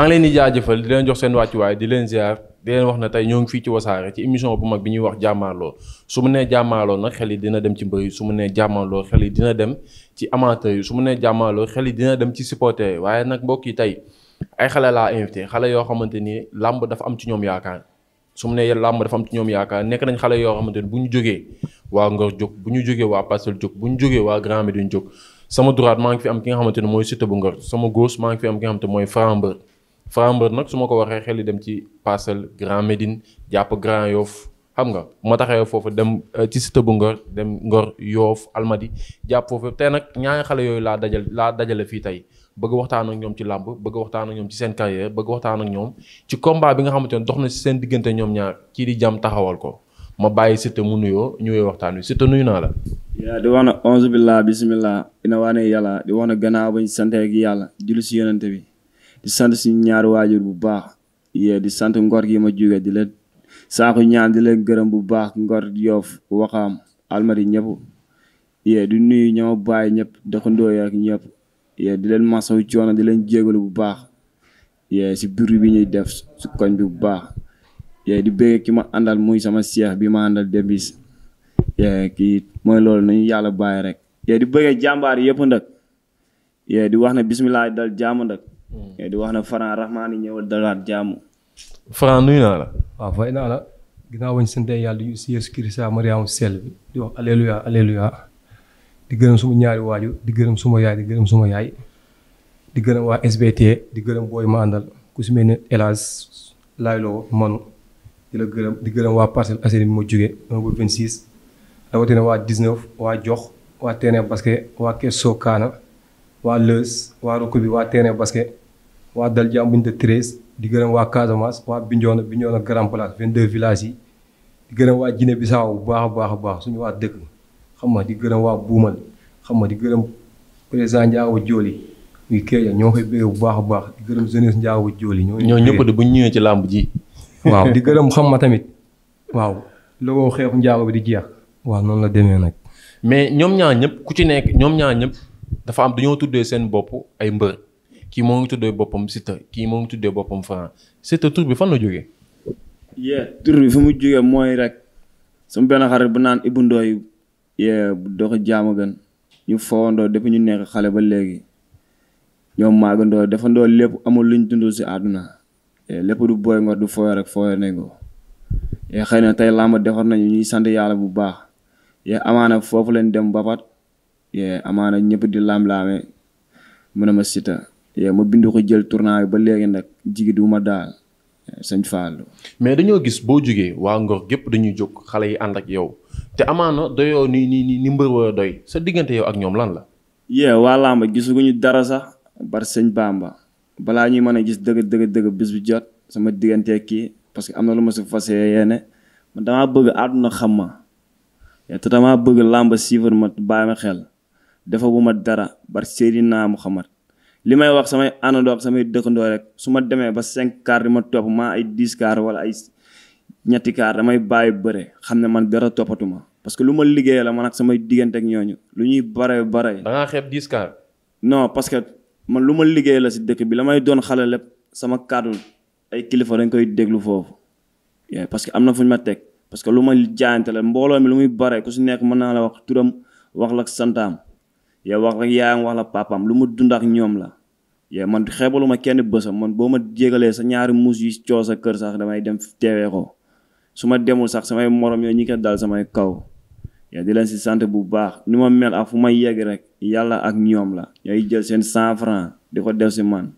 maa ngi leen di jaajëfal di leen jox seen wàccuwaay di leen ziar di leen wax na tey ñoo ngi fii ci wasaare ci émission bu mag bi ñuy wax jàmmaarloo su mu nee jàmmaarloo nag xel yi dina dem ci mbër yi su mu nee jàmmaarloo xel yi dina dem ci amateur yi su mu nee jàmmaarloo xel yi dina dem ci supporter yi waaye nag mbokk yi tey ay xale laa invité xale yoo xamante ni làmb dafa am ci ñoom yaakaar su mu nee làmb dafa am ci ñoom yaakaar nekk nañ xale yoo xamante ni bu ñu jógee waa Ngor jóg bu ñu jógee waa Parcelles jóg bu ñu jógee waa Grand Médine jóg sama droite maa ngi fi am ki nga xamante ne mooy Siteu bu Ngor sama gauche maa mooy Franc Frambeur nag su ma ko waxee xel yi dem ci Parcelles Grand Médine jàpp Grand Yoff xam nga ma taxee foofu dem euh, ci Cité bu Ngor dem Ngor Yoff Almadi jàpp foofu te nag ñaari xale yooyu laa dajal laa dajale fii tey bëgg waxtaan ak ñoom ci làmb bëgg waxtaan ak ñoom ci seen carrière bëgg waxtaan ak ñoom ci combat bi nga xamante ne dox na si seen diggante ñoom ñaar kii di jàmm taxawal ko ma bàyyi Cité mu nuyoo ñëwee waxtaan wi Cité nuyu naa la. yaa di wax na onze na gannaaw bañ sante ak yàlla julli si yonante bi. di sant suñu ñaari waajur bu baax yée di sant ngor gi ma jóge di leen saaku ñaan di leen gërëm bu baax ngor yoof waxaam almari ñëpp yee di nuyu ñoo bàyyi ñëpp doxandoo ak ñëpp yee di leen masawu coono di leen jégalu bu baax si biir bi ñuy def koñ bu baax yee di bëgg ki ma àndal muy sama bi ma àndal dembis kii mooy loolu nañu yàlla bàyyi rek yee di bëggee jàmbaar yëpp nag yee di wax na bisimilah dal jàmm nag Mm. di wax na Franc Rahmaani ñëwal dalaat jàmm. Franc nuyu naa la. waaw fay naa la. ginnaaw bañ sant yàlla di si Yeesu Kirista Mariama sell bi di wax alléluia alléluia di gërëm suma ñaari waaju di gërëm suma yaay di gërëm suma yaay di gërëm waa SBT di gërëm booy ma àndal ku si mel ne El Layloo Manu di la gërëm di gërëm waa Parcelles Assainies bi ma jógee 1 ba 26 rawatina waa 19 waa jox waa terrain waa Kesso Kaana waa Leus waa dal jàmm buñ de treize di gërëm waa Casamance waa Bignona Bignona Grand Place 22 villages yi di gërëm waa Guinée Bissau bu baax a baax a baax suñu waa dëkk xam nga di gërëm waa Buumal xam ma di gërëm président Ndiago Dioli muy ñoo koy bu baax a baax di gërëm jeunesse Ndiago Dioli. ñoo ñëpp de bu ñu ñëwee ci làmb ji. waaw di gërëm xam ma tamit waaw looloo xeexu Ndiago bi di jeex. waaw noonu la demee nag. mais ñoom ñaar ñëpp ku ci nekk ñoom ñaar ñëpp dafa am dañoo tuddee seen bopp ay mbër kii moo ngi tuddee boppam Siteu kii moo tuddee boppam Franc Siteu tur bi fan la jógee. yeah tur bi fu mu jógee mooy rek sumu benn xarit bu naan Ibou Ndoye dox jaama gën ñu fowandoo depuis ñu nekk xale ba léegi ñoom maagandoo defandoo lépp amul luñ dundul si àdduna lépp du booy ngor du fooy rek fooy nañ ko xëy na tey làmb defar nañu ñuy sant yàlla bu baax amaana foofu leen dem bapat amaana ñëpp di lam-laame mu ne ma Siteu yee ma bind ko jël tournoi bi ba léegi nag jigi du ma daal sëñ Fallou mais dañoo gis boo jugee waa Ngor gépp dañuy jóg xale yi ànd ak yow te amaana doyoo ni ni ni mbër wa doy sa diggante yow ak ñoom lan la. yee waa làmb ñu dara sax bar sëñ Bamba balaa ñuy mën a gis dëgg dëgg dëgg bis bi jot sama diggante kii parce que am na lu ma si fas yéene man bëgg àdduna xam ma te dama bëgg làmb siifar ma baa ma xel defaguma dara bar Seydina Muhammad li may wax samay àndandoo ak samay dëkkandoo rek su ma demee ba cinq car di ma topp maa ay dix car wala ay ñetti car damay bàyyi bëre xam ne man dara toppatuma parce que lu ma liggéeyee la ak samay diggante ak ñooñu lu ñuy bare bare. da non parce que man lu ma liggéeyee si dëkk bi la may doon xale lépp sama kàddu ay kilifa dañ koy déglu foofu parce que am na fu ñu ma teg parce que lu ma jaayante la mbooloo mi lu muy bare ku si nekk mën naa la wax turam wax la santaam. yow wax rek yaayam wax la papaam lu mu dund ak ñoom la yow man xeebaluma kenn bësa man boo ma jégalee sa ñaari muus yu coo sa kër sax damay dem teewee ko su ma demul sax samay morom yooyu ñu ko dal samay kaw di leen si sant bu baax ni ma mel ak fu ma yegg rek yàlla ak ñoom la ñooy jël seen cent franc di ko def si man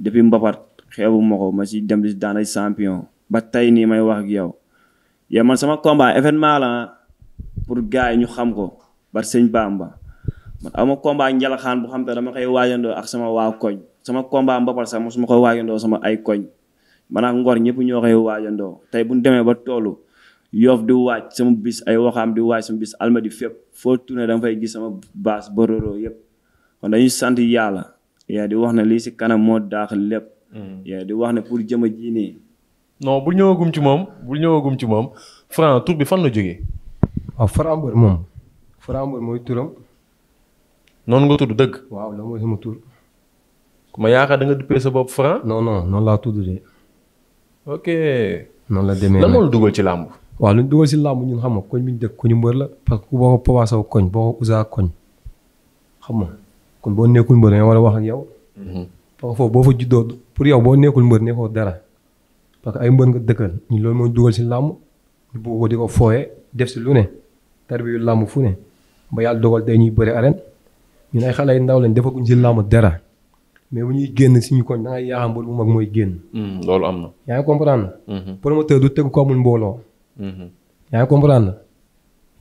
depuis mbapat xeebu ma ko ma si dem di daan ay ba tey nii may wax ak yow yow man sama combat événement la pour gars yi ñu xam ko bar sëñ ba man ma combat njalaxaan bu xam te dama koy waajandoo ak sama waa koñ sama combat mbapal sax mosuma koy waajandoo sama ay koñ man ak ngor ñëpp ñoo koy waajandoo tey bu ñu demee ba toolu yoof di waaj sama bis ay waxaam di waaj sama bis almadi fépp foo tourné danga fay gis sama baas bororo yëpp kon dañuy sant yàlla yaa di wax ne lii si kanam moo daax lépp mm. yaa di wax ne pour jëm a jii nii non bu ñëwagum ci moom bu ñëwagum ci moom Franc tur bi fan la jógee waaw ah, Franc noonu nga tudd dëgg. waaw loolu mooy sama tur. ma yaakaar da duppee sa bopp Franc. non non noonu laa tudd de. noonu la demee na moo dugal ci làmb. waaw lu ñu dugal si làmb ñun xam koñ bi ñu mbër la parce que boo ko koñ boo ko Ousa koñ kon boo nekkul mbër nga wax yow. Mhm. parce que foofu pour yow boo nekkul mbër nekkoo dara parce que ay mbër nga dëkkal ñun loolu si làmb di ko fooyee def si lu ne tarbi làmb fu ne ba yàlla dogal day ñuy bëri arène ñun ay xale yu ndaw lañ defaguñ ci làmb dara mais bu ñuy génn suñu koñ da ngay yaaxam mbër bu mag mooy génn. Hmm, loolu am na. yaa ngi comprendre. Hmm. promoteur du tegu ko amul mbooloo. Hmm. yaa ngi comprendre.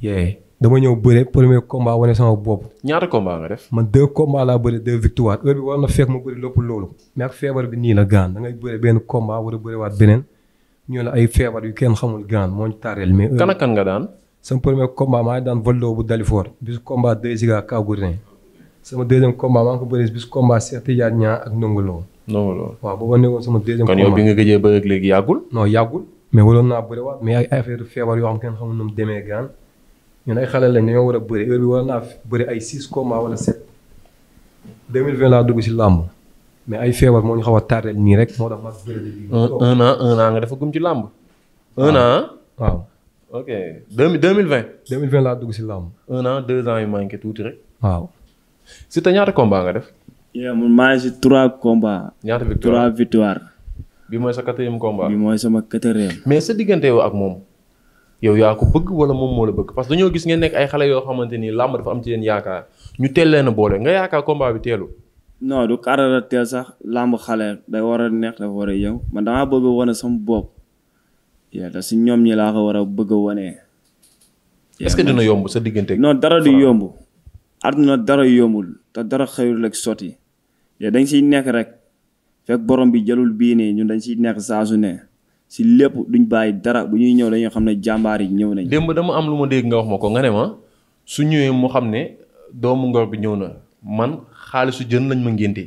yee dama ñëw bëre premier combat wane sama bopp. ñaata combat nga def. man deux combats laa bëre deux victoire heure bi war na fekk ma bëri lépp loolu. mais ak feebar bi nii la gaan da ngay bëre benn combat war a bëriwaat beneen ñu la ay feebar yu kenn xamul gaan moo ñu tàrreel mais. kan ak kan nga daan. sama premier combat maa ngi daan Valdo bu Dalifor. bisu combat deux giga sama deuxième combat maa ngi ko bëree bis combat Cheikh Tidiane Niang ak Ndongo Lo. Ndongo Lo waaw booba nekkoon sama deuxième. combat kon yow bi nga gëjee bëre ak léegi yàggul. non yàggul mais waroon naa bëriwaat mais ay affaire feebar yoo xam kenn xamul nu mu demee gaan ñun ay xale lañ dañoo war a bëri heure bi war naa bëri ay six combats wala sept. 2020 laa dugg si làmb mais ay feebar moo ñu xaw a tardé nii rek moo tax ma bëri. un an un an nga dafa gum ci làmb. un an waaw. ok deux mille vingt. deux mille vingt laa dugg si làmb. un an deux ans yu manqué tuuti rek. waaw. si ta ñaata combat nga def. yow man maa ngi si trois combats. ñaata trois victoire. bi mooy sa quatrième combat. bi mooy sama quatrième. mais sa diggante yow ak moom. yow yaa ko bëgg wala moom moo la bëgg parce que dañoo gis ngeen nekk ay xale yoo xamante ni làmb dafa am ci leen yaakaar ñu teel leen a boole nga yaakaar combat bi teelu non du kaarala teel sax làmb xale day war a neex dafa war a yow man damaa bëgg a wane sama bopp yaa da si ñoom ñi laa ko war a bëgg a wane. est-ce que dina yomb sa diggante. non dara du yomb. àdduna dara yombul te dara xëyul ak sotti te dañ siy nekk rek fekk borom bi jalul bii nii ñun dañ siy nekk saa su ne si lépp duñ bàyyi dara bu ñuy ñëw dañoo xam ne jàmbaar yi ñëw nañ. démb dama am lu ma dégg nga wax ma ko nga ne ma su ñëwee mu xam ne doomu ngor bi ñëw na man xaalisu jën lañ ma ngénte.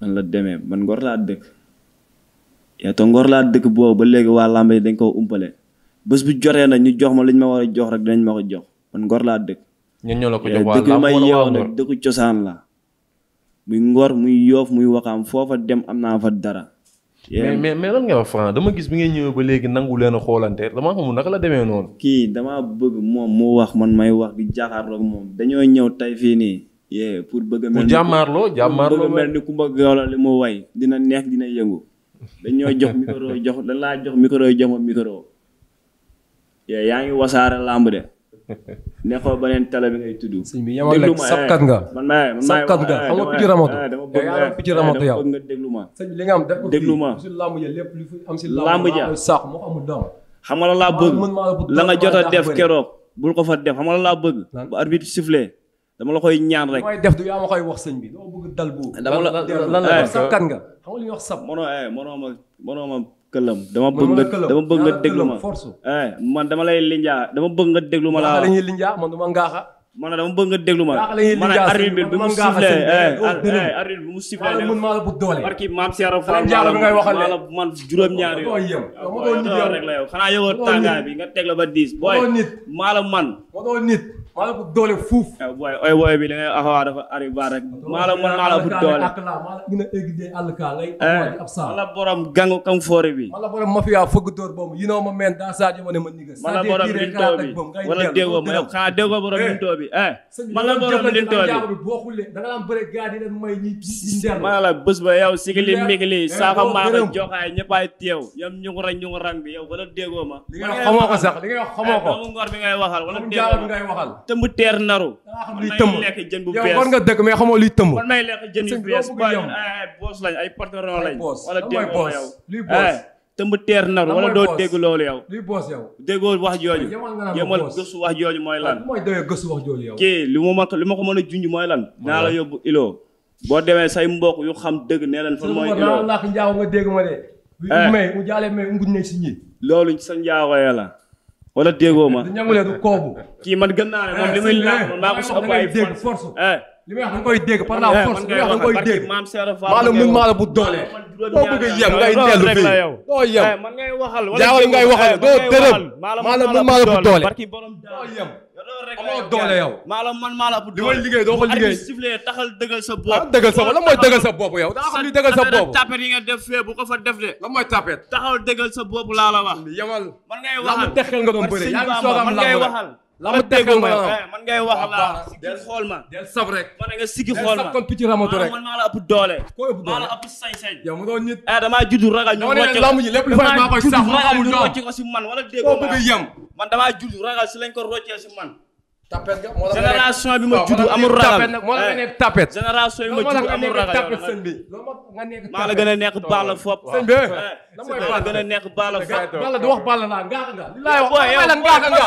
man la demee man ngor laa dëkk. yaa te ngor laa dëkk boobu ba léegi waa làmb dañ koo umpale bés bu jotee nag ñu jox ma liñ ma war a jox rek dinañ ma jox man ngor laa dëkk. ñun ñoo la ko jox dëkk ma yeew nag dëkku cosaan la muy ngor muy yoof muy waxaam foofa dem am naa fa dara mais mais mais lan nga wax Franc dama gis bi ngay ñëwee ba léegi nangu leen a xoolante damaa xamul naka la demee noonu kii damaa bëgg moom mu wax man may wax di jaaxaarloog moom dañoo ñëw tey fii nii yee pour bëgg a mel jàmmaarloo jàmmaarloo mel ni Kumba Gawlo li mu way dina neex dina yëngu dañoo jox micro jox dañ laa jox micro jox ma micro yee yaa ngi wasaare làmb de neexoo beneen tala bi ngay tudd. sëñ bi yemal rek eh. man maay man maay sapkat nga eh, nga picc ramatu. Eh, dama bëgg nga picc ramatu yow nga ma. sëñ li nga am def ko ma si ja lépp xam nga la laa bëgg la nga jot a def keroog bul ko fa def xam nga laa bëgg. bu arbitre sifflé dama la koy ñaan rek. mooy def du yaa ma koy wax sëñ bi dama bëgg dal bu. dama la lan la sapkat nga. xam nga li ñuy wax sap mënoo mënoo ma mënoo këlëm dama bëgg nga dama bëgg nga déglu ma force eh, man dama lay linjaa dama bëgg nga déglu ma laa la ñuy linjaa man dama ngaaxa bëgg nga déglu ma man arbitre bi bi mu sifflé eh, eh, arbitre bi mu sifflé man maa la bu doole barki maam Seera man juróom-ñaar yow rek la yow xanaa yow tàngaay maa la man maa ba rek. maa la man eh, eh, maa la ëpp doole. Eh, maa la borom gangu kam foore bi. maa la borom mafia fëgg door boobu ma meen daa Sadio ma ne ma niga. maa borom lintoo bi wala déggoo ma yow xanaa déggoo borom lintoo bi. maa la borom lintoo bi. maa la bés ba yow sigili migili saaka maaka joxaay teew yam ñungura ñungurang bi yow wala déggoo tëmb teer naru. xam luy jën bu bees yow nga dëkk mais xamoo luy tëmb. man may lekk jën yu bees waaye ay eh, boos lañ ay porteron lañ. wala déggoo yow luy boos. Eh, tëmb teer naru doo dégg loolu yow. luy boos yow. déggoo wax jooju. yemal gëstu wax jooju mooy lan. mooy doyoo gëstu wax jooju kii li ma li ma ko mën a junj mooy lan. naa la yóbbu ilo. boo demee say mbok yu xam dëgg nee nañ fa mooy ilo. Eh. loolu sa njaago la. wala déggoo ma ñamule du koobu. kii man gën naa ne moom li muy eh, laaj man maa ko soxla ay force eh. li may wax da nga koy dégg par la eh, force li may wax da nga koy dégg la mën maa la bu doole a yem ngay dellu fii doo yem ngay waxal doo dërëm maa la mën maa la bu doole doo yem amoo doole yow. maa la man maa la ëpp doole li may liggéey doo ko liggéey. sifflé taxal dëggal sa bopp. ah dëggal sa bopp lan mooy dëggal sa bopp yow. daa xam ni dëggal sa bopp tapet yi nga def fee bu ko fa def de. lan mooy tapet. taxal dëggal sa bopp laa la wax. yamal man ngay waxal lamu texel nga doon bëre yaa ngi soog am lamu eh, ngay waxal. lamu texel nga doon man ngay wax la del xool ma del sab rek. man nga siggi xool ma kon picc ramatu rek. man maa la ëpp doole. koo ëpp doole maa la ëpp sañ-sañ. yow mu doon nit. ah damaa juddu ragal ñu wàcce ko. lamb ji lépp lu fay maa koy sax mu amul ñoom. ko si man wala déggoo ma man damaa juddu ragal si lañ ko roccee si man tapet nga moo tax génération bi ma juddu amul ragal moo tax nga nekk eh, tapet génération bi ma juddu amul ragal tapet sëñ bi maa la gën a nekk baala fop sëñ bi eh, maa la gën a nekk baala fop bala du wax bala laa ngaax nga laa eh, wax bala ngaax nga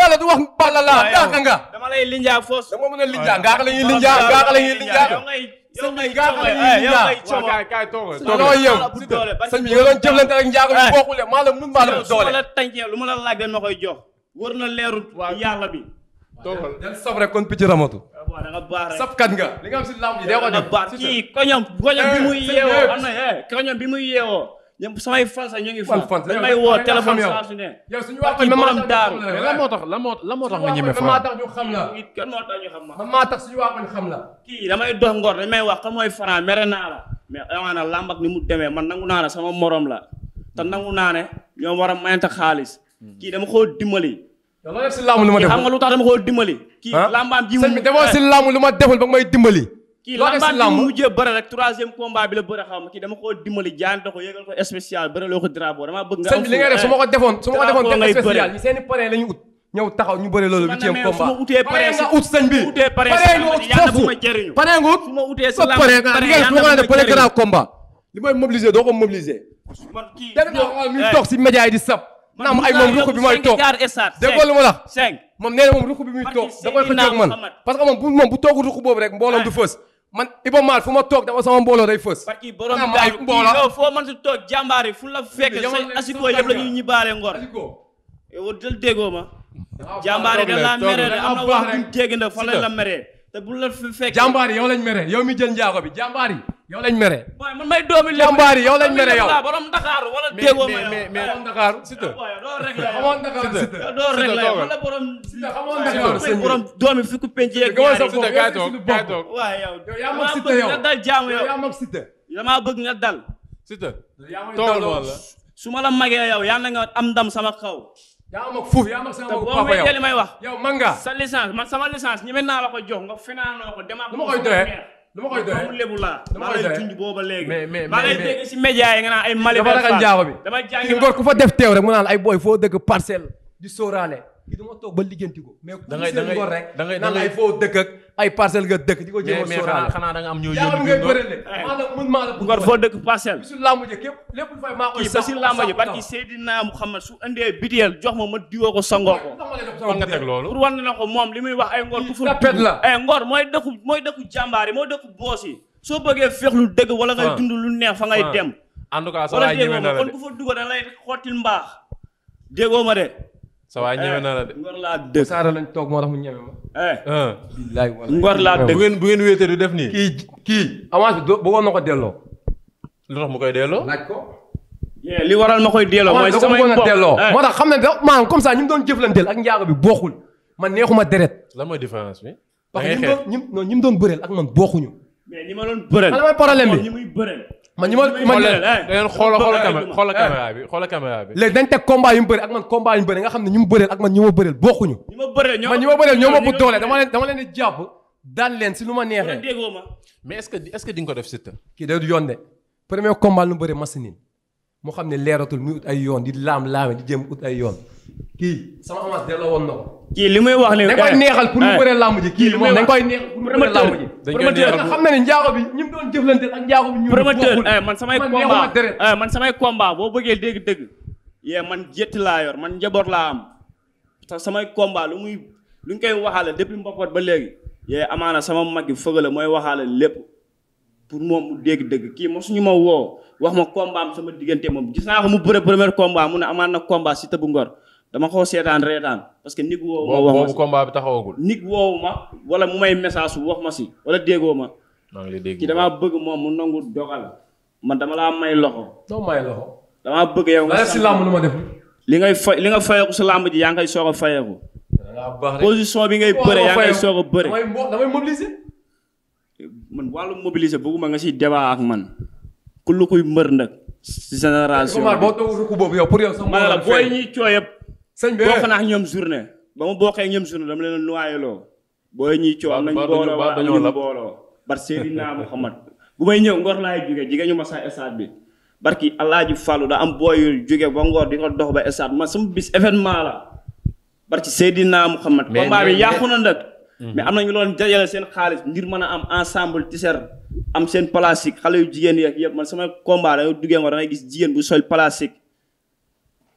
bala du wax bala laa ngaax nga dama lay linjaa foos dama mën a linjaa ngaax la ñuy linjaa ngaax la ñuy linjaa sëñ bi nga xam ne kaay kaay toogal toogal yow sëñ bi nga doon jëflante ak njaago bi bokkule maa la mun maa la bu doole su ma la tàncee lu ma la laaj dañ ma koy jox wër na leerut yàlla bi toogal del kon picc ramatu. waaw ah, da nga baar nga. li nga xam si lamb ji bi muy yeewoo am na koñom ñu ngi fan. fan fan may woo téléphone yow suñu wax ko borom daaru. lan moo tax moo lan moo tax nga ñeme xam la kan moo tax ñu xam xam la. kii damay dox ngor dañ may wax kan mooy Franc mere naa la. mais amaana lamb ak ni mu demee man nangu naa ne sama morom la. te nangu naa ne ñoom war a mayante xaalis. Hmm. kii dama koo dimbali yow loo def si laamu lu ma deful xam nga lu tax dama ko dimbali. kii lambaam ji mu sëñ bi defoo eh. si laamu lu ma deful ba may dimbali. kii lambaam ji mu mujjee bëre rek troisième combat bi la bëre xaw ma kii dama koo dimbali jaante ko yëgal ko spécial bëre loo ko drapeau dama bëgg nga. sëñ bi li nga def su ma ko eh, defoon su ma ko defoon def spécial ñi seen i parrain la ñu ut. ñëw taxaw ñu bëre loolu huitième combat pare nga ut sëñ bi pare nga ut foofu pare nga ut ba pare nga li nga su ma ko def bëre grand combat li may mobiliser doo ko mobiliser. man kii def naa mi toog si média yi di sab naam ay moom ruq bi mooy toog déggoo lu toog man parce que moom bu moom bu toogu boobu rek mbooloom du fës man Iba Mar fu ma toog dafa sama mbooloo day fës parce que borom ay mbooloo foo mën si toog jàmbaar yi fu la fekk sa asikoo yëpp la ñuy ñi baale ngor yow dal déggoo ma ah, jàmbaar yi da laa mere de ah, am na wax bu dégg nag fa la la meree te la fekk jàmbaar yi yow lañ meree mi jël njaako bi jàmbaar yi yow lañ mere. waaye man may doomi lépp jàmbaar yi yow lañ mere yow. borom Dakar wala déggoo ma mais mais borom Dakar Siteu. doo rek la xamoon Dakar Siteu doo rek la wala borom. Siteu xamoon Dakar Siteu borom doomi fi ku penc yeeg. gëmoo sa Siteu kaay toog kaay toog. waaw yow yaa mag Siteu yow yow yaa mag Siteu. damaa bëgg nga dal. Siteu toogal wala. su ma la magee yow yal na nga am ndam sama kaw. yaa mag fuuf yaa mag sama papa yow te boo may wax. yow man nga sa licence man sama licence ñeme naa la ko jox nga finaan ko dama koy doyee dama koy doyee comme lébu laa. dama koy doyee maa lay junj booba léegi. mais mais maa lay dégg si média yi nga ay. Mali dafa ragal njaago bi dama jàngi ngor ku fa def teew rek mu naan ay booy foo dëgg parcel di sóoraale kii du ma toog ba liggéenti ko. mais ku seen ngor da ngay da ngay foo dëkk ak ay parcelle nga dëkk di ko jéem a sóoraale. xanaa da am ñoo yónni ngay bërele maa la lépp lu fay maa koy sax bisu làmb ji barki Seydina Muhammad su indee jox ma ma diwoo ko sangoo ko fan nga teg loolu pour wan na ko moom li muy wax ay ngor ku fu eh, mooy dëkku mooy dëkku jàmbaar yi mooy dëkku yi soo bëggee feex lu dëgg wala ngay dund lu neex fa ngay dem en tout cas kon ku fa dugg da lay xottil mbaax déggoo ma de sa waay ñeme na la de. ngor laa dëgg saara lañ toog moo tax mu ñeme ma. Eh. Ah. billaay wala ngor laa bu ngeen bu wéetee du def nii. kii kii avance bi bëggoon na ko delloo. lu tax mu koy delloo. laaj ko. li waral ma koy delloo mooy samay mbokk delloo eh. moo tax xam ne da maanaam comme ça ñu mu doon jëflanteel ak njaago bi booxul ma neexuma deret. lan mooy différence bi. da ngay xeex parce que ñi mu doon ñi ak man bokkuñu. mais ñi ma doon bëreel. lan mooy problème bi ñi muy bëreel. man ñi ma ma leen leen xoola xoola caméra bi xoola caméra bi. léegi dañ teg man ne ñu mu bëreel ak man ñu ma bëreel bokkuñu. ñi ma bëreel ñoo ma ñi ma bëreel ñoo ma bu doole dama leen ko def Siteu. kii da du yoon de premier combat lu mu bëri machine leeratul muy ut ay yoon di laam laame di jëm ut ay yoon kii sama avance delloo woon li muy wax nii da koy eh. neexal pour eh. làmb ji. kii li muy wax da koy neexal pour mu bëree làmb xam na ne njaago bi ñi mu doon jëflante ak njaago bi ñu. promoteur eh, man samay combat man samay combat boo bëggee dégg dëgg. yee man jëtt laa yor man njaboot laa am te samay combat lu muy lu ñu koy waxaale depuis mbokkoot ba léegi. yee amaana sama mag yi fëgg mooy waxaale lépp pour moom mu dégg dëgg kii mosuñu ma woo wax ma combat sama diggante moom gis naa ko mu bëre premier combat mu ne amaan na combat si tëbu ngor dama koo seetaan reetaan parce que nit woowu ma wax ma wala mu may message wax ma si wala déggoo ma. ki damaa bëgg moom mu nangu dogal man dama laa may loxo. doo bëgg yow. nga si làmb lu ma def. li ngay fay li nga fayeeku si làmb ji yaa ngay soog a fayeeku. position bi ngay bëre yaa ngay soog a bëre. damay mobiliser. man wàllu mobiliser bëgguma nga si débat ak man. ku lu kuy mbër nag. si génération bi. boo toogul boobu yow pour yow sax. ma ne la booy ñuy cooy yëpp sëñ bi bokk naa ak ñoom journée ba ma bokkee ak ñoom journée dama leen noyyaloo. booy ñuy coow nañ booloo waa nañu booloo. bar Seydina Muhammad bu may ñëw ngor laay jóge jigéen ñu ma sa stade bi barki Alaaji Fàllu da am booy yu jóge ba ngor di nga dox ba stade ma sama bis événement la barki Seydina Muhammad combat bi yàqu na nag mais am nañu loon dajale seen xaalis ngir mën a am ensemble t-shirt am seen plastique xale yu jigéen yeek ak yëpp man sama combat da duggee ngor gis jigéen bu sol plastique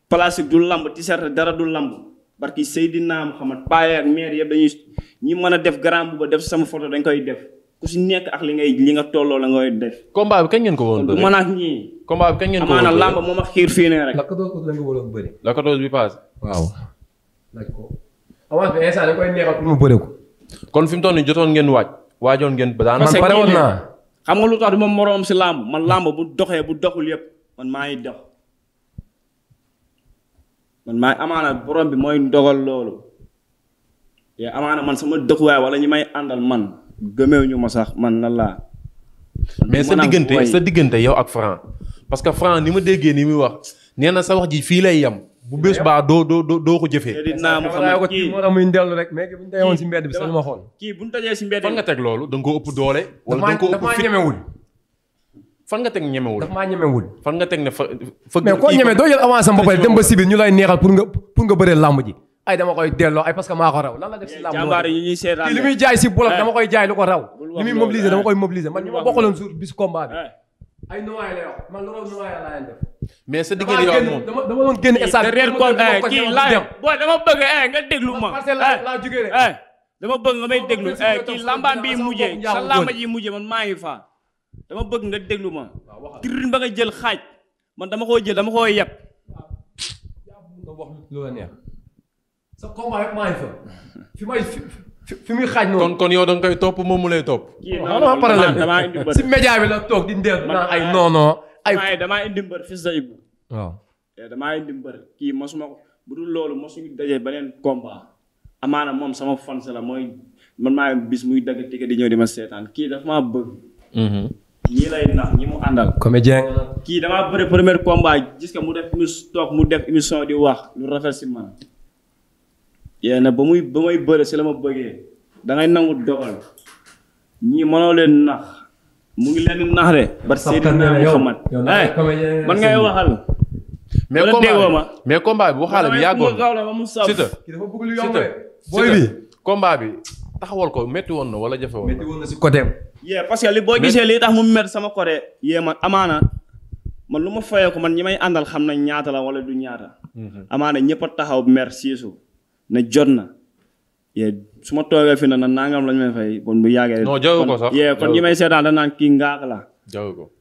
plastique du lamb t-shirt dara du lamb barki Seydina Muhammad paaye ak maire yëpp dañuy ñi mën a def grand bu ba def sama photo dañ koy def ku si nekk ak li ngay li nga tolloo la ngay def. combat bi ngeen ko woon bëri ñii. combat bi kañ ngeen ko woon bëri moom xiir fii ne rek. la 14 la nga waroon bëri. la 14 bi paase. koy neexal mu bëri ko. kon fi mu toll nii jotoon ngeen waaj. waajoon ngeen daan man xam nga lu tax du ma moroom si lamb man làmb bu doxee bu doxul yëpp man maa ngi dox man maa amaana borom bi mooy dogal loolu te amaana man sama dëkkuwaay wala ñi may àndal man gëmeew ma sax man lan laa. mais sa diggante sa diggante yow ak Franc parce que Franc ni ma déggee ni muy wax nee na sa wax ji fii lay yem. bu bés baa doo doo doo ko jëfee. dinaa mu xam kii moo muy dellu rek mais bu ñu teyoon si mbedd bi sax ma xool. kii bu ñu si mbedd nga teg loolu da koo ëpp doole. wala da koo ëpp fit fan nga teg ñemewul daf maa ñemewul. fan nga teg ne fa mais koo ñeme doo jël avance am ba pare dem ba sibir ñu lay neexal pour nga pour làmb ji. ay dama koy delloo ay parce maa ko raw lan la def si làmb loolu li muy jaay si bolok eh. dama koy jaay lu ko raw. li muy mobiliser eh. dama man ñu ma bokkaloon jour bis combat bi. dama bëgg eh, nga déglu ma. dama bëgg nga may déglu kii làmbaam bi mujjee sa làmba ji mujjee man maa ngi dama bëgg nga déglu ma. tribune ba nga jël xaaj man dama koo jël dama koo yeb. nga fi muy xaaj noonu. kon kon yow da nga koy topp moom mu lay topp. kii non problème si média bi la toog di ndéet naa ay non non. ay damaa indi mbër fii sa Ibou. waaw eh, damaa indi mbër kii mosuma ko bu dul loolu mosuñu dajee beneen combat. amaana moom sama fans la mooy man maa bis muy dagg tike di ñëw di ma seetaan kii dafa maa bëgg. Mm-hmm. ñii lay nax ñi mu àndal. comédien. kii damaa bëri premier combat gis nga mu def émission toog mu def émission di wax lu rafet si man. yéen ba muy ba may si la ma bëggee da ngay ñii mënoo leen nax mu ngi leen nax de. ba Seydou Mouhamad man ngay waxal. mais combat mais combat bi bu xaale bi yàggoon Siteu Siteu combat bi taxawal ko métti woon na wala jafe woon na. métti woon na yée parce que li boo gisee lii tax mu met sama côté yée man amaana man lu ma fayee ko man ñi may àndal xam nañ ñaata la wala du ñaata. Mhm. amaana ñëpp a taxaw mer siisu ne jot na. yee su ma toogee fi na na nangam lañ may fay kon bu yàggee. non jaww ko sax yee kon ñi may seetaan da naan kii ngaak la. jaww ko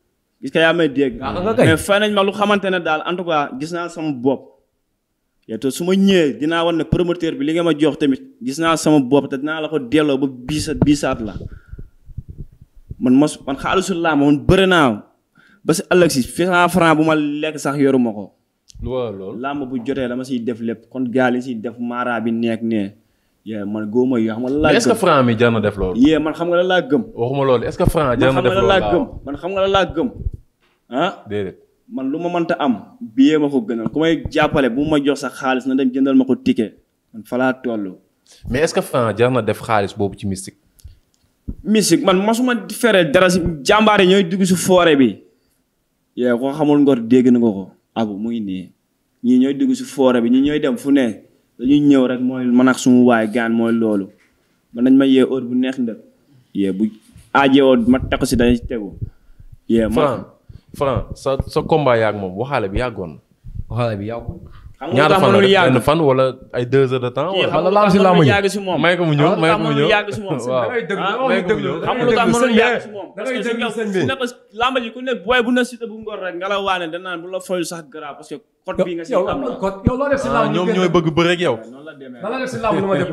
gis nga yaa may dégg. Ah, mais fay nañ ma lu xamante ne daal en tout cas gis naa sama bopp. yaa te su ma ñëwee dinaa wan ne promoteur bi li nga ma jox tamit gis naa sama bopp te dinaa la ko delloo ba biisa biisaat la. man mos man xaalisu laa man bëri naa ba si ëllëg si cent franc bu ma lekk sax yoruma ko. loolu làmb bu jotee dama siy def lépp kon gaal yi siy def maara bi nekk nee. yee man góoma yoo xam nga la laa gëm est-ce jar na def loolu. yee man xam nga la laa gëm. waxuma loolu est-ce que franc jar na laa gëm man xam nga la laa gëm. ah man lu ma mënta am billet ma ko gënal ku may jàppale bu ma jox sax xaalis na dem jëndal ma ko ticket man fa laa toll. mais est que franc jar na def xaalis boobu ci mystique. miss man masuma fere dara si yi ñooy dugg si foore bi yee ko xamul ngor dégg na ko ko ak mu ngi nii ñii ñooy dugg si foore bi ñi ñooy dem fu ne dañuy ñëw rek mooy man ak sumu waay gaan mooy loolu man nañ ma yee heure bu neex ndëk yee bu aajewoo ma tegu si dañuy tegu yee ma Franc Franc sa sa combat yaag moom waxaale bi yàggoon waxaale bi yàggoon ñaar fan la benn fan wala ay deux heures de temps. wala laal si laamu ñu may ko mu ñëw may ko mu ñëw waaw ah, may ko mu ñëw. xam ku ne booy bu na Siteu bu ngor rek nga la waane danaan bu la foyu sax gara parce que code bi nga si am la code ah, ñoom ñooy bëgg bëre ak yow. lan la ma def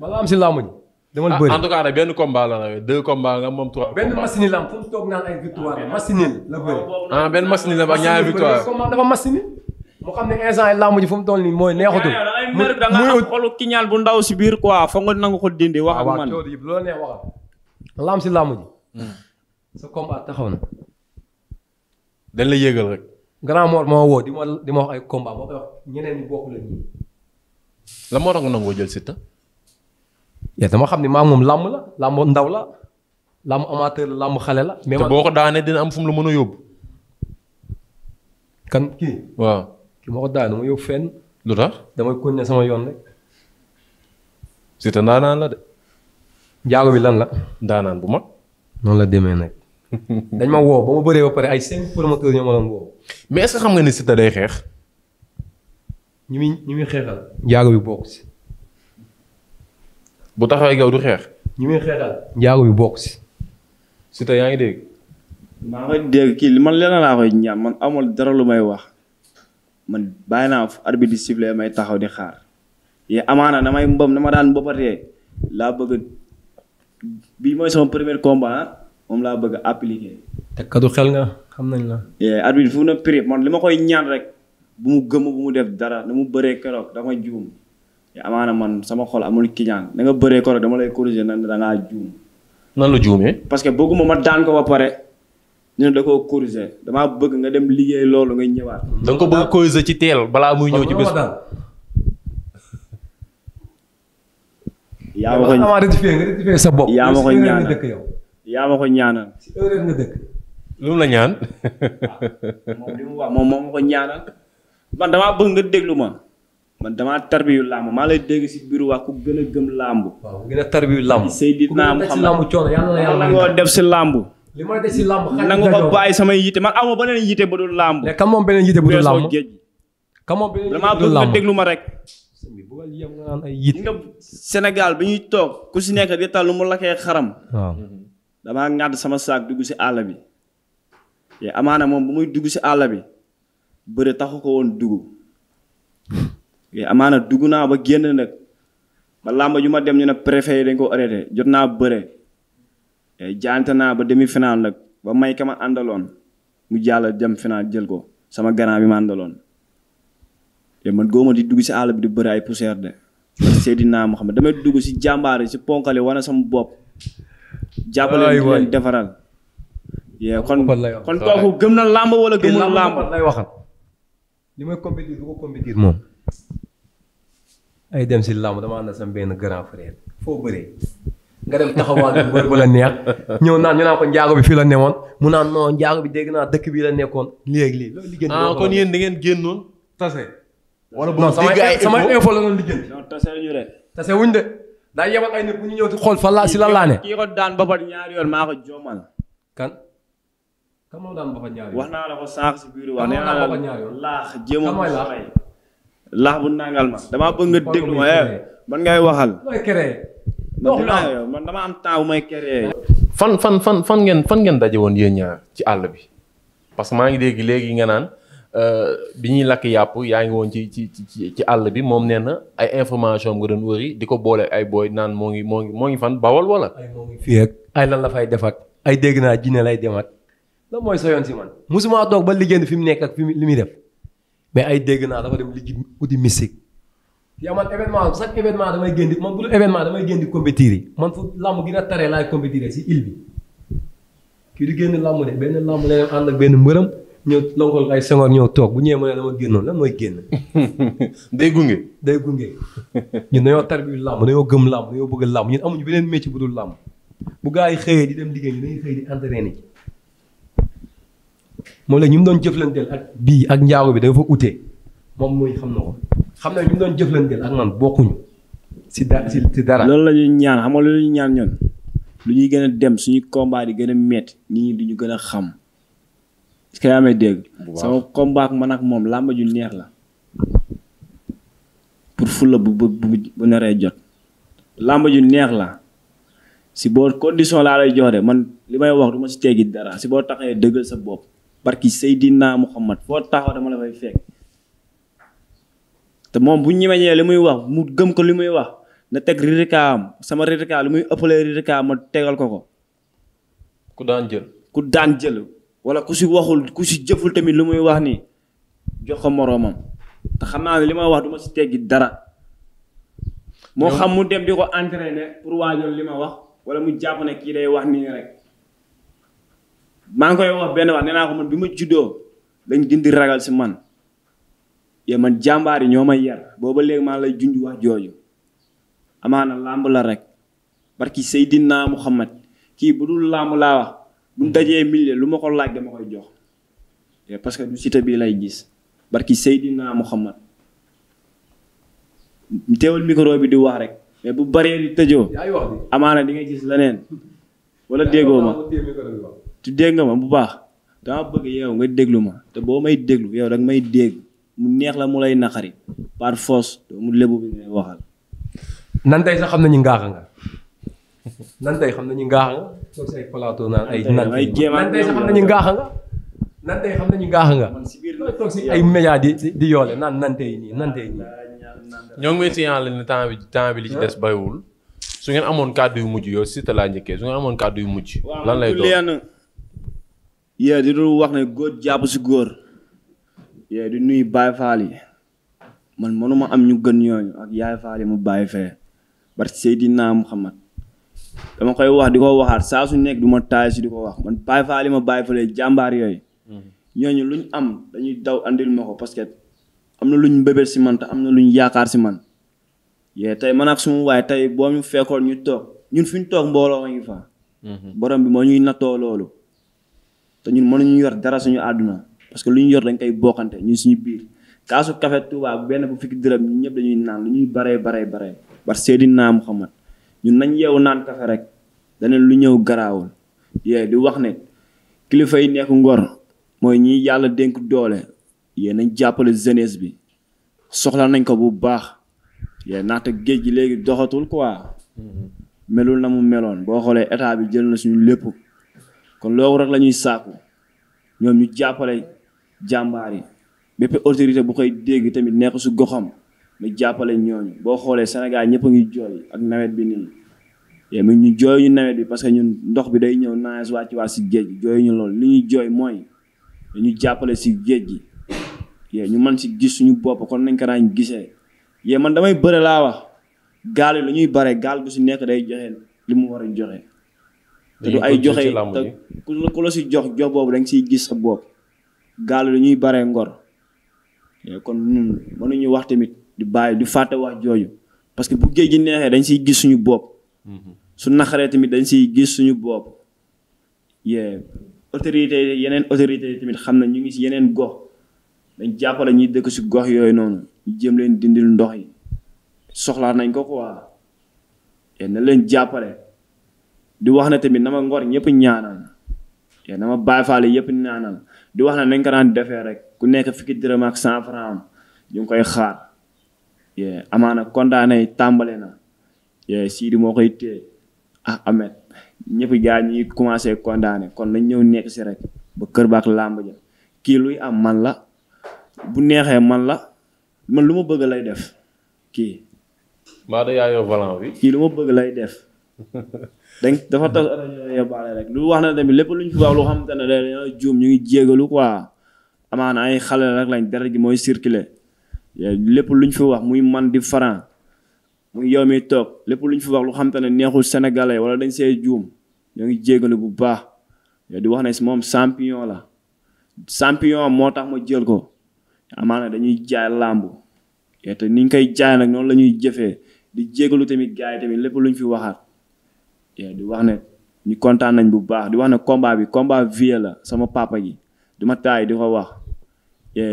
la si làmb demal ah, benn combat la nawet la am fu mu toog naan ay victoire am ak ah, ñaari mooy neexatul. mu bu ndaw si biir quoi foog ah, ji. Hmm. sa combat taxaw na. dañ la yéegal rek. grand mort moo woo di ma ay combat la ñii. la moo tax nga nangoo jël Siteu yaa dama xam ne maa moom làmb la làmb ndaw la làmb amateur la làmb xale la. mais te boo daanee dina am fu mu la a yóbbu. kan kii. waaw kii ma lu tax damay continuer sama yoon rek. Siteu ndaanaan bi lan la. ndaanaan bu mag. noonu la demee nag. dañ ma woo ba ma bëree ba pare ay cinq promoteurs ñoo ma doon woo. mais xam nga ni Siteu day xeex. ñi muy ñi muy xeexal. njaago bi bokk si. bu taxawee ak yow du xeex. ñi muy xeexal. njaago bi bokk si. Siteu yaa ngi dégg. maa ngi dégg kii man leneen laa koy ñaan man amul dara lu may wax man bàyyi naa arbitre di siffler may taxaw di xaar ye amaana mbom na ma daan mbëppatee laa bëgg bi mooy sama premier combat ah, moom laa bëgg a appliquer. te kadu xel nga xam nañ la. arbitre fu mu ne man li ma koy ñaan rek bu mu gëm bu mu def dara na mu bëree keroog dama juum. amaana man sama xol amul kiiñaan da nga bëree ko rek dama lay corriger nan da ngaa juum. nan la juumee. parce que bëgguma ma daan ko ba pare ñu ne da koo corriger damaa bëgg nga dem liggéey loolu nga ñëwaat. da nga ko bëgg ci teel balaa muy ñëw ci bés. yaa sa bopp. yaa ma ko ñaanal ko ñaanal. nga dëkk. ñaan. moom li mu wax ma. man damaa tarbiyu làmb maa lay dégg si biir wax ku gën a gëm làmb. waaw ku gën a tarbiyu làmb. Seydina Muhammad nangoo def si làmb. li ma def si làmb nangu ko bàyyi samay yitte man amoo ba yitte bu dul làmb. moom beneen yitte bu dul làmb géej gi. kan moom beneen yitte bu dul làmb damaa bëgg déglu ma rek. nga Sénégal bi ñuy toog ku si nekk di tal lu mu lakkee xaram. waaw sama saak dugg si àll bi. moom bu muy dugg si àll bi bëre taxu ko woon dugg. Eh, amaana dugg naa ba génn nag ba làmba ju ma dem ñu ne préfet yi dañ ko arrêté jot naa bëre eh, jaante naa ba demi final nag ba may ka ma àndaloon mu jàll dem final jël ko sama garant bi ma àndaloon te eh, man góoma di dugg si àll bi di bëri ay poussière de Seydina Muhammad damay dugg si jàmbaar yi si ponkali wane sama bopp jàppale di leen defaral yee kon kon kooku gëm na làmb wala gëmul làmb lay waxal li may compétir du ko compétir moom ay dem si làmb dama ànd sama benn grand frère foo bëree nga dem taxawaat mbër ba la neex ñëw naan ñu naan ko njaago bi fii la newoon mu naan non njaago bi dégg naa dëkk bii la nekkoon léegi lii loolu liggéey ah kon yéen da ngeen génnoon tase wala bu dégg ay sama info la doon liggéey non tase ñu de tase wuñ de daa yebal ay nit bu ñu ñëw di xool fa laa si la laa ne kii ko daan ba pat ñaari yoon maa ko joomal kan kan moo daan ba pat ñaari yoon wax naa la ko sànq si biir wax nee naa la laax jéem a laax bu nangal ma damaa bëgg nga déglu ma eh. man ngay waxal. man dama am temps bu may créer. fan fan fan fan ngeen fan ngeen daje woon yéen ñaar ci àll bi parce que maa ngi dégg léegi nga naan euh, bi ñuy lakk yàpp yaa ngi woon ci ci ci ci àll bi moom nee na ay information nga doon wëri di ko boole ay booy naan moo ngi moo ngi moo ngi fan bawal wala. ay moo ngi lan la fay def ak ay dégg naa jinne lay dem ak lan mooy sa si man. musuma toog ba liggéey fi mu nekk ak fi li muy dem mais ay dégg naa dafa dem lijji uti mystique. yaa man événement chaque événement damay génn man bu dul événement damay génn di compétir yi man fu làmb gën a taree laay compétir si île bi. kii di génn làmb de benn làmb leneen ànd ak benn mbërëm ñëw lonkool ay sengoor ñëw toog bu ñëwee ma ne dama génnoon lan mooy génn. day gunge. day gunge ñu ne dañoo tar bi làmb dañoo gëm làmb dañoo bëgg làmb ñu amuñu beneen métier bu dul làmb bu gaa yi xëyee di dem liggéey di entraîné ci moom la ñu mu doon jëflanteel ak bii ak njaago bi dafa utee moom mooy xam na ko xam na ñu mu doon jëflanteel ak man bokkuñu si da si dara. loolu la ñaan xam nga loolu ñaan ñoon lu ñuy gën a dem suñu combat di gën a métti nit ñi duñu gën a xam. est-ce que yaa may dégg. sama combat ak man ak moom làmba ju neex la. pour fulla bu bu bu naree jot. làmb ju neex la. si boo condition laa lay jox de man li may wax duma ma si teggi dara si boo taxee dëggal sa bopp. barki Seydina Muhammad foo taxaw dama la fay fekk te moom bu ñemeñee li muy wax mu gëm ko li muy wax na teg ririkaam sama ririkaam li muy ëppalee ririkaam ma tegal ko ko. ku daan jël. ku daan jël wala ku si waxul ku si jëful tamit lu muy wax nii jox ko moroomam te xam naa ne li ma wax du ma si teggi dara. moo xam mu dem di ko ne pour waajal li ma wax wala mu jàpp ne kii day wax nii rek. maa ngi koy wax benn wax nee naa ko man bi ma juddoo lañ dindi ragal si man yee man jàmbaar yi ñoo may yar booba léegi maa lay junj wax jooju amaana làmb la rek barki Seydina Muhammad kii bu dul làmb laa wax mu dajee millier lu ma ko laaj dama koy jox parce que du site bi lay gis barki Seydina Muhammad teewal micro bi di wax rek mais bu baree di tëjoo amaana di nga gis leneen wala déggoo ma ci dégg nga ma bu baax dama bëgg yow nga déglu ma te boo may déglu yow da nga may dégg mu neex la mu lay naqari par force mu lébu bi ngay waxal. nan tey sax xam nañu ngaax nga nan tey xam nañu ngaax nga toog ay. nan tey sax xam nañu ngaax nga. nan tey xam nañu ngaax di di yoole naan nan nii nan tey nii. ñoo ngi may signalé ne temps bi temps bi des bàyyiwul su ngeen amoon kàddu yu mujj yow si laa njëkkee su ngeen amoon kàddu yu mujj. lan lay doon yee di dul wax ne góor jàpp si góor yee di nuyu Baye Fall man mënuma am ñu gën ñooñu ak yaay Fall yi mu bàyyi fee bar Seydina Muhammad dama koy wax di ko waxaat saa su nekk du taay si di ko wax man Baye Fall yi ma bàyyi fee jàmbaar yooyu mm-hmm. ñooñu luñ am dañuy daw indil ma ko parce que am na luñ mbébét si man te am na luñ yaakaar si man yee tey man ak suma waaye tey boo ñu fekkoon ñu toog ñun fi ñu toog mbooloo ngi fa mm-hmm. borom bi moo ñuy nattoo loolu te ñun mënuñu yor dara suñu àdduna parce lu ñu yor dañ koy bokkante ñu suñu biir kaasu café Touba benn bu fukki dërëm ñun ñëpp dañuy naan lu ñuy baree baree baree bar Seydina Muhammad ñun nañ yeewu naan café rek daneen lu ñëw garaawul yee di wax ne kilifa yi nekk ngor mooy ñi yàlla dénk doole yee nañ jàppale jeunesse bi soxla nañ ko bu baax yee naata géej gi léegi doxatul quoi mm-hmm. melul na mu meloon boo xoolee état bi jël na suñu lépp kon loolu rek la ñuy saaku ñoom ñu jàppale jàmbaar yi bépp autorité bu koy dégg tamit nekk su goxam ñu jàppale ñooñu boo xoolee Sénégal ñëpp a ngi jooy ak nawet bi nii yé mi ñu jooy ñu nawet bi parce que ñun ndox bi day ñëw naes wàcc waa si géej gi ñu loolu li ñuy jooy mooy ñu jàppale si géej gi yé ñu man si gis suñu bopp kon nañ ko naan gisee yé man damay bëre laa wax gaal yi lu bare gaal gu si nekk day joxe li mu war a joxe te du ay joxe te ku la si jox jox boobu da siy gis sa bopp gaal lu ñuy bare ngor eh, kon ñun mënuñu wax tamit di bàyyi du fàtte wax jooju parce que bu géej gi neexee dañ siy gis suñu bopp mm-hmm. su naqaree tamit dañ siy gis suñu bopp yee autorité yeneen autorité tamit xam na ñu ngi si yeneen gox dañ jàppale ñuy dëkk si gox yooyu noonu jëm leen dindil ndox yi soxlaa nañ ko quoi eh, na leen jàppale di wax na tamit na ma ngor ñëpp ñaanal te na ma baay faale yëpp ñaanal di wax ne nañ ko daan defee rek ku nekk fukki dërëm ak cent franc ñu ngi koy xaar amaana condamné tàmbale na Sidi moo koy téye ah Ahmed ñëpp gaa ñi commencé kondaane kon lañ ñëw nekk si rek ba kër baak làmb ja kii luy am man la bu neexee man la man lu ma bëgg lay def kii. maa da yaa yor kii lu ma bëgg lay def. dañ dafa tas wax na tamit lépp luñ fi loo xamante ne dañoo juum ñu ngi jégalu quoi amaana ay xale rek lañ deret gi mooy circuler lépp luñ fi wax muy man di Franc muy yow mi toog lépp luñ fi wax lu xamante ne neexul sénégalais wala dañ see juum ñoo ngi jégalu bu baax di wax ne moom champion la champion moo tax ma jël ko amaana dañuy jaay làmb te ni ñu koy jaay nag noonu la ñuy jëfee di jégalu tamit gars yi tamit lépp luñ fi waxaat. di wax ne ñu kontaan nañ bu baax di wax ne combat bi combat vie la sama papa ji du ma taay di ko wax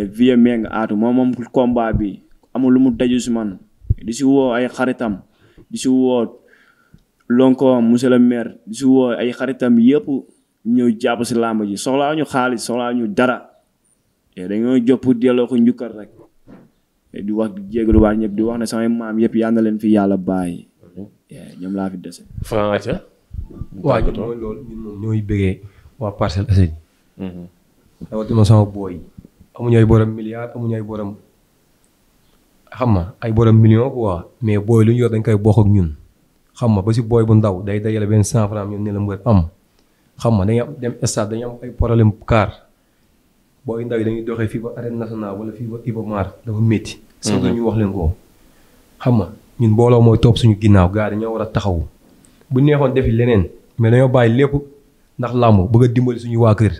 vie mee nga aatu moom moom combat bi amul lu mu daju si man di si woo ay xaritam di si woo lonkoom monsieur le maire di si woo ay xaritam yëpp ñëw jàpp si làmb ji soxlaa ñu xaalis soxlaa ñu dara dañoo jóg pour delloo ko njukkal rek di wax di jégalu di wax ne samay maam yëpp yal leen fi yàlla bàyyi ñoom laa fi dese. Franc waa jot mooy loolu ñun moom ñooy bëggee waa Parcelles Assainies. Mm-hmm. rawatina sama booy. amuñu ay borom milliards amuñu ay borom xam ma ay borom million quoi mais booy lu ñu yor dañ koy bokk ak ñun. xam ma ba si booy bu ndaw day dajale benn cent franc ñun ne la mbër am. xam ma dañuy am dem stade dañuy am ay problème car booy ndaw yi dañuy doxee fii ba arène nationale wala fii ba Iba Mar dafa métti. Mm-hmm. surtout wax leen ko xam ñun mbooloo mooy topp suñu ginnaaw gars yi dañoo war a taxawu bu neexoon defi leneen mais dañoo bàyyi lépp ndax làmb bëgg dimbali suñu waa kër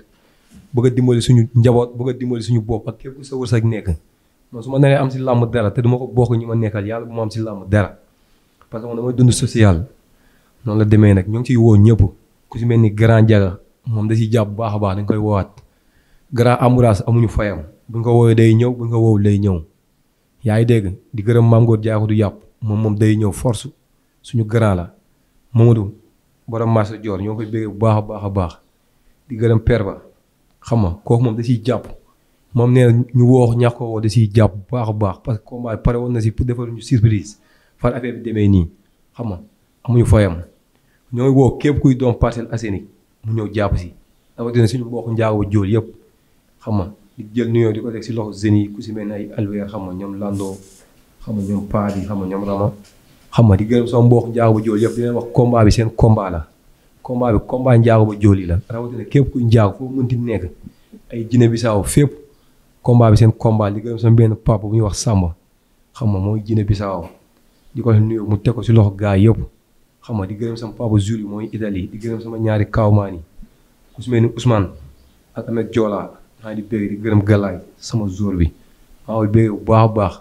bëgg dimbali suñu njaboot bëgg dimbali suñu bopp ak képp ku sa wërsëg nekk non su ma naree am si làmb dara te duma ko bokk ñi ma nekkal yàlla bu ma am si làmb dara parce que man damay dund social noonu la demee nag ñoo ngi ciy woo ñëpp ku si mel ni grand jaga moom da si jàpp baax a baax dañ koy woowaat grand amourage amuñu fayam buñ ko woowee day ñëw buñ ko woowu day ñëw yaa ngi dégg di gërëm maam Ngor du yàpp moom moom day ñëw force suñu grand la Mamadou borom marché joor ñoo koy béggee bu baax a baax a baax di gërëm père ba xam nga kooku moom da ciy jàpp moom nee ñu woo ñaax ko woo da si jàpp bu baax a baax parce que combat pare woon na si pour defar ñu surprise far affaire bi demee nii xam nga amuñu fayam ñoo woo képp kuy doom Parcelles Assainies mu ñëw jàpp si rawatina suñu mbokku njaago jool yëpp xam nga di jël nuyoo di ko teg si loxo jeunes yi ku si mel ne ay alweer xam nga ñoom landoo xam nga ñoom paa bi xam nga ñoom rama xam nga di gërëm sama mbokk njaago ba jool yëpp di leen wax combat bi seen combat la combat bi combat njaago ba jool la képp ku njaago foo mënti nekk ay jine bi saaw fépp combat bi seen combat di gërëm sama benn papa bu ñuy wax Samba xam nga mooy jine bi saaw di ko nuyu mu teg ko si loxo gaa yëpp xam nga di gërëm sama papa Zuli mooy Italie di sama ñaari kawmaan yi ku si mel ak na Joola maa ngi di bëgg di gërëm Galaay sama jour bi maa ngi bëgg bu baax baax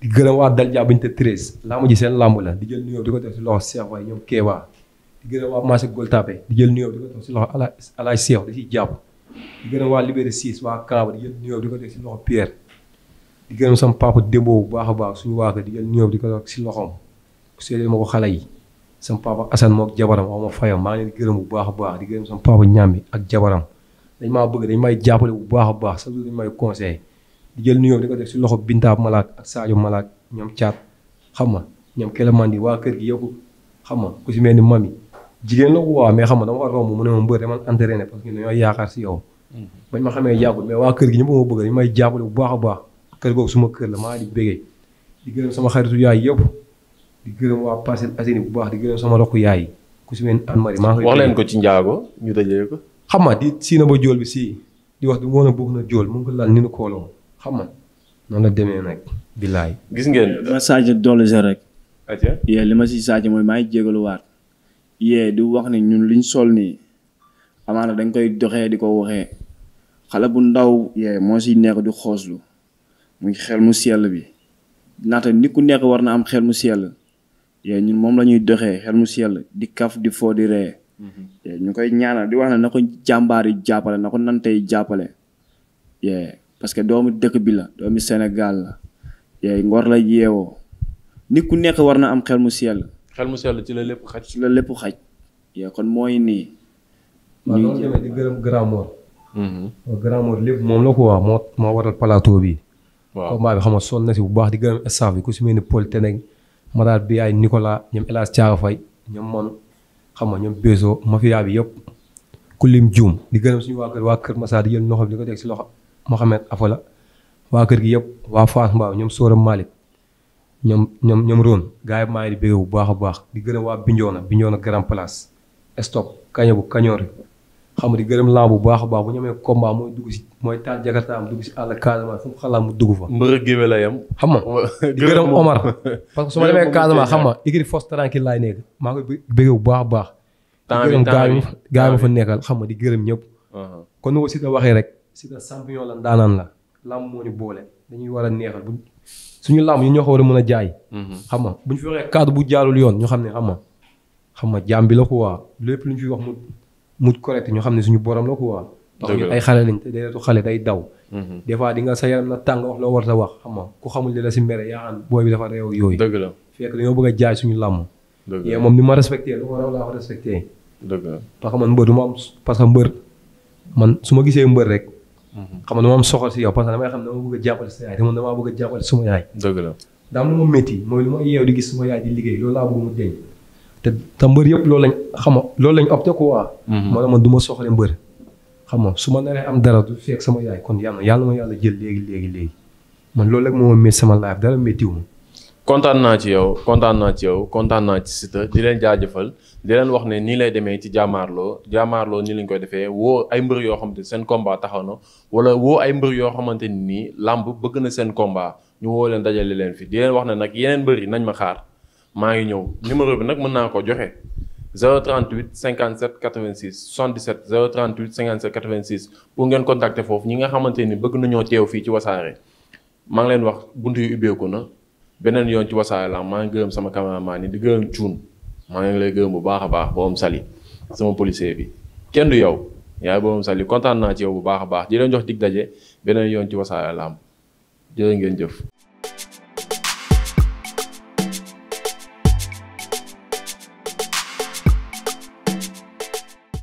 di gërëm waa Dalja bañ te Treize laamu ji seen laamu la di jël nuyoo di ko def si loxo Cheikh waaye ñoom Kéba di gërëm waa marché Goltapé di jël nuyoo di ko def si ala alaay Cheikh jàpp di gërëm waa Liberté 6 waa Kamba di jël nuyoo di ko def si loxo Pierre di gërëm sama papa bu baax a baax suñu waa kër nuyoo di ko def si loxoom seedee ma ko xale yi sama papa Assane mook jabaram wax ma fayam maa ngi gërëm bu baax a baax di gërëm sama papa ñaami ak jabaram dañ maa bëgg dañ may jàppale bu baax a baax sa dañ may conseil di jël nuyoo di ko def si loxo Binta malaat ak Sadio Malak ñoom caat xam nga ñoom kelemandi waa kër gi yëpp xam nga ku si mel ni mami jigéen la waaw mais xam dama ko ma mbër dama entraîné parce que dañoo yaakaar si yow mhm. bañ ma xamee yàggul mais waa kër gi ñëpp bëgg dañu may jàppale bu baax a baax kër googu suma kër la maa di bégee di gërëm sama xaritu yaay yëpp di gërëm waa Parcelles Assainies baax di gërëm sama rokku yaay ku si mel ni Anne Marie maa ko ci njaago ñu dajee ko xam nga na ba jool bi sii wax du moon a na jool mu ngi ko lal ni nu kooloo xam nga noonu la demee nag. billaay gis ngeen. ma Sadio dolli si rek. yee li ma si Sadio mooy maa ngi jégaluwaat. yee di wax ne ñun liñ sol nii amaana dañ koy doxee di ko waxee xale bu ndaw yee moo siy nekk di xooslu muy xel mu bi naata nit ku nekk war na am xel mu sell yee ñun moom la ñuy doxee xel mu sell di kaf di foo di ree mm-hmm. ñu koy ñaanal di wax ne na ko jàmbaar yi jàppale na ko nantey jàppale parce que doomu dëkk bi la doomi Sénégal la yooyu ngor la yeewoo nit ku nekk war na am xel mu sell. xel mu sell ci la lépp xaj. ci la lépp xaj. kon mooy nii. ñu ngi jëm di mhm. moom la ko wax moo moo waral plateau bi. waaw combat bi xam ma sonn na si bu baax di gërëm staff bi ku si mel ni Paul Teneg Madaar bi ay Nicolas ñoom El Hadj Thiaga Faye ñoom man xam nga ñoom Bezo mafia bi yëpp ku lim juum di gërëm suñu waa kër waa Kër Massa di jël noxo bi di ko teg si loxo. Mohamed Afola waa kër gi yëpp waa Fass Mbao ñoom Sora Malick ñoom ñoom ñoom Rhone maa ngi di bëgg bu baax a baax di gërëm waa Bignona Bignona Grand Place stop kaña bu kañoor xam di gërëm lamb bu baax a baax bu ñu amee combat mooy mu dugg fa. mbërëg géwe la yem. xam nga di gërëm Omar parce que su ma demee Casamance xam nga igri fos tranquille laay nekk maa koy bëgg bu baax baax. temps bi temps bi ma fa nekkal xam nga di gërëm ñëpp. Uh-huh. kon nu ko si waxee rek Siteu champion la ndaanaan la làmb moo ñu boole dañuy war a neexal bu suñu làmb ñu ñoo ko war a mën a jaay. Mhm. xam ma bu ñu fi waxee cadre bu jaarul yoon ñu xam ne xam ma xam nga jaam bi la quoi lépp lu ñu fi wax mu mu correct ñu xam ne suñu borom la quoi. dëgg la ay xale lañ xale day daw. Mhm. des fois di nga sa na tàng wax loo war ta wax xam ma ku xamul li la si mere yaa xam booy bi dafa réew yooyu. dëgg la fekk bëgg a jaay suñu làmb. dëgg moom ni ma respecté lu war a laa ko respecté. parce que man mbër du ma am parce que mbër man su ma gisee mbër rek xam nga dama am soxal si yow parce que damay xam ne dama bëgg a jàppale sa yaay te man bëgg a jàppale suma yaay. dëgg la daa am lu ma mooy lu ma yeew di gis suma yaay di liggéey loolu laa bëgg mu deñ te te mbër yëpp loolu lañ xam nga loolu lañ opté quoi. Mhm. moo tax man du ma soxale mbër. xam nga su ma naree am dara du fekk sama yaay kon yàlla yàlla ma yàlla jël léegi léegi léegi man loolu rek moo ma métti sama life dara méttiwu kontaan naa ci yow kontaan naa ci yow kontaan naa ci Siteu di leen jaajëfal di leen wax ne nii lay demee ci jaamaarloo jaamaarloo nii lañ koy defee woo ay mbër yoo xamante ni seen combat taxaw na wala woo ay mbër yoo xamante ni nii làmb bëgg na seen combat ñu woo leen dajale leen fi di leen wax na nag yeneen mbër yi nañ ma xaar maa ngi ñëw numéro bi nag mën naa ko joxe 038 57 86 77 038 57 86 pour ngeen contacter foofu ñi nga xamante ni bëgg nañoo teew fii ci wasaare maa ngi leen wax buntu yu ubbeeku na. beneen yoon ci Wassare Lamb maa ngi gërëm sama cameraman ni di gërëm cuun maa ngi lay gërëm bu baax a baax borom sali sama policier bi kenn du yow yaay borom sali kontaan naa ci yow bu baax a baax di jox dig daje beneen yoon ci Wassare Lamb jërë ngeen jëf